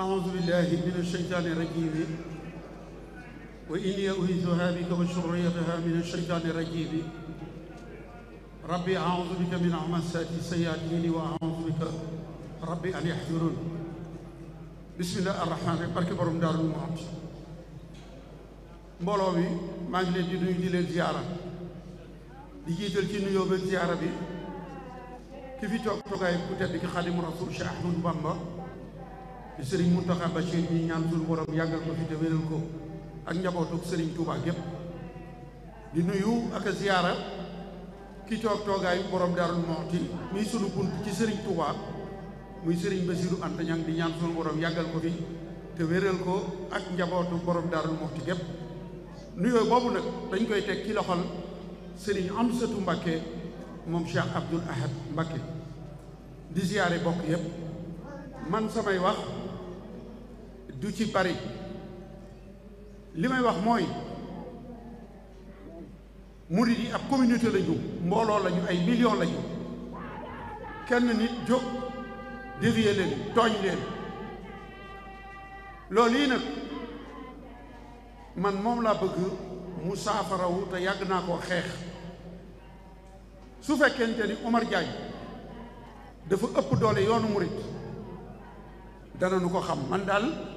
أعوذ بالله من الشيطان الرجيم وإني أهيثها بك وشريتها من الشيطان الرجيم ربي أعوذ بك من عمساتي سيئاتيني وأعوذ بك ربي أن يحضرون بسم الله الرحمن الرحيم بارك برم دار المعبس مولوي ما نجلي دي نوي دي لين زيارة دي جيتل بي زيارة بي كيفي توك خادم رسول شيخ احمد بامبا di sëriñ Mountakha Bachir ñuy ñaan suñu borom yàggal ko fi te wéral ko ak njabootuk sëriñ Touba gépp di nuyu ak a ziyaara ki toog toogaayu borom Darou Mouhty muy sunu bunt ci sëriñ Touba muy sëriñ ba Anta Niang di ñaan woroom borom yàggal ko fi te wéral ko ak njabootu borom Darou Mouhty gépp nuyoo boobu nag dañ koy teg ci loxol sëriñ am Amsatu Mbakke moom Cheikh Abdoul Ahad Mbakke di ziyaare bokk yépp man samay wax du ci bari li may wax mooy murid yi ab communauté lañu mbooloo lañu ay millions lañu kenn nit jóg dévier leen tooñ leen loolu yi nag man moom laa bëgg mu saafarawu te yàgg naa koo xeex su fekkente ni Omar Diagne dafa ëpp doole yoonu murid dana nu ko xam man daal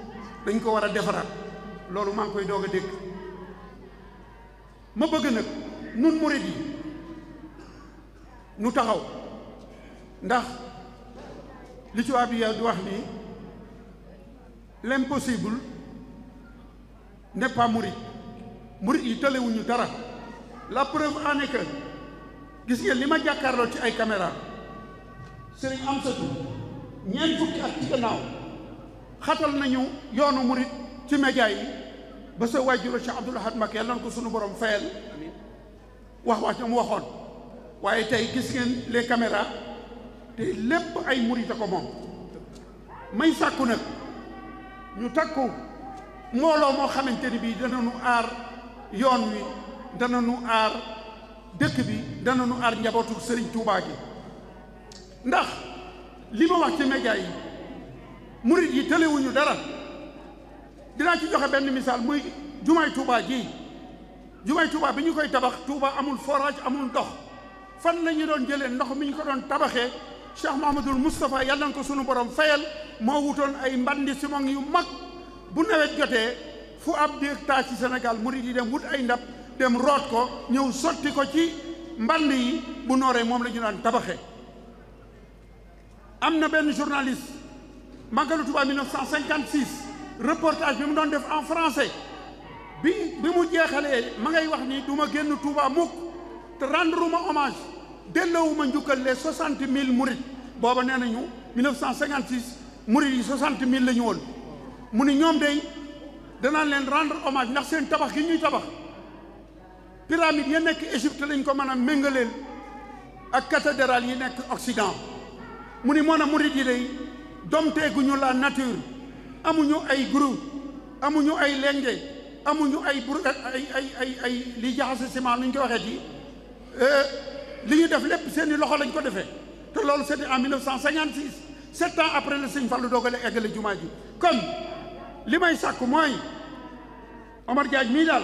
dañ ko war a defaraat loolu maa ngi koy doog a dégg ma bëgg nag nun murid yi nu taxaw ndax li tubaab yi di wax nii l'impossible n'est pas murid murid yi tëlewuñu dara la preuve en est gis ngeen li ma jàkkaarloo ci ay caméra sëriñ am satu ñeent ci gannaaw خاتل نيو يونو مريد تي ميجاي با سا واجيرو شي عبد الله حتمك يالنا كو سونو بروم فايل واخ واخ مو واخون واي تاي كيس نين لي كاميرا تي ليب اي مريد تاكو موم ماي ساكو نك ñu takku mbooloo moo xamanteni bi dana nu aar yoon wi dana nu aar dëkk bi dana nu aar njabootu sëriñ tuubaa gi ndax li ma wax ci media yi murit yi tëlewuñu dara dinaa ci joxe benn misaal muy jumaay Touba ji jumaay Touba bi ñu koy tabax Touba amul forage amul ndox fan la ñu doon jëlee ndox mi ñu ko doon tabaxee Cheikh Mouhamadoul Moustapha yàlla na ko sunu borom fayal moo wutoon ay mbandi simon yu mag bu nawet jotee fu ab déeg taa ci Sénégal murit yi dem wut ay ndab dem root ko ñëw sotti ko ci mband yi bu nooree moom la ñu daan tabaxee am na benn journaliste Mangalou Touba 1956 reportage bi mu doon def en français bi bi mu jeexalee ma ngay wax ni duma génn Touba mukk te rendre hommage delloowuma njukkal les soixante mille murit booba nee nañu 1956 murit yi soixante mille la ñu woon mu ni ñoom day danaan leen rendre hommage ndax seen tabax yi ñuy tabax pyramide ya nek Égypte lañ ko mën a ak cathédrale yi nek Occident mu ni moon a yi day domteeguñu la nature amuñu ay groupe amuñu ay lenge amuñu ay bur ay ay ay ay li jaxase ciment lu ñu ko waxee ci euh, li ñu def lépp seeni loxo lañ ko defee te loolu c'était en 1956 sept ans après la Sëñ Fallu doogale eggale jumaa ji kon li may sàkk mooy Omar Diagne mii daal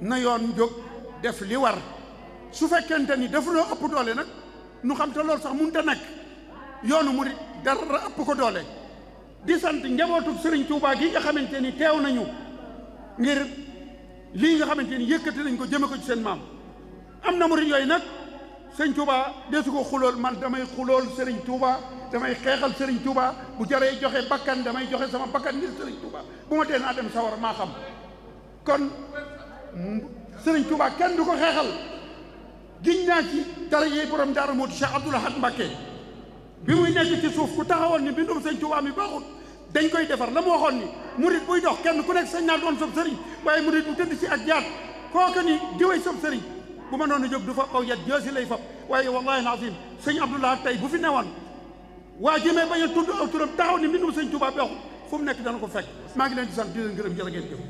na yoon jóg def li war su fekkente ni dafa noo ëpp doole nag nu xam te loolu sax mënut a nekk yoonu murit dara ëpp ko doole di sant njabootu Serigne Touba gi nga xamante ni teew nañu ngir lii nga xamante ni yëkkati nañ ko jëme ko ci seen maam am na murid yooyu nag sëñ Touba desu ko xulool man damay xulool Serigne Touba damay xeexal Serigne Touba bu jaree joxe bakkan damay joxe sama bakkan ngir Serigne Touba bu ma tee naa dem sawar maa xam kon Serigne Touba kenn du ko xeexal giñ naa ci dara yi borom Daaru Muxti Cheikh Abdoul Ahad Mbacké bi muy nekk ci suuf ku taxawoon ni bindum sëñ Tuubaa mi baaxut dañ koy defar la mu waxoon ni murit buy dox kenn ku nekk sañ naa doon sab sëriñ waaye murit bu tëdd ci ak jaat kooku ni diway sab sëriñ bu ma noonu jóg du fa aw yat joosi lay fab waaye wallahi alazim sëñ Abdoulah tey bu fi ne newoon waa jëmee bañ a tudd aw turam taxaw ni mbindum sëñ Tuubaa baaxut fu mu nekk dana ko fekk maa ngi leen di sant di leen gërëm jërë ngeen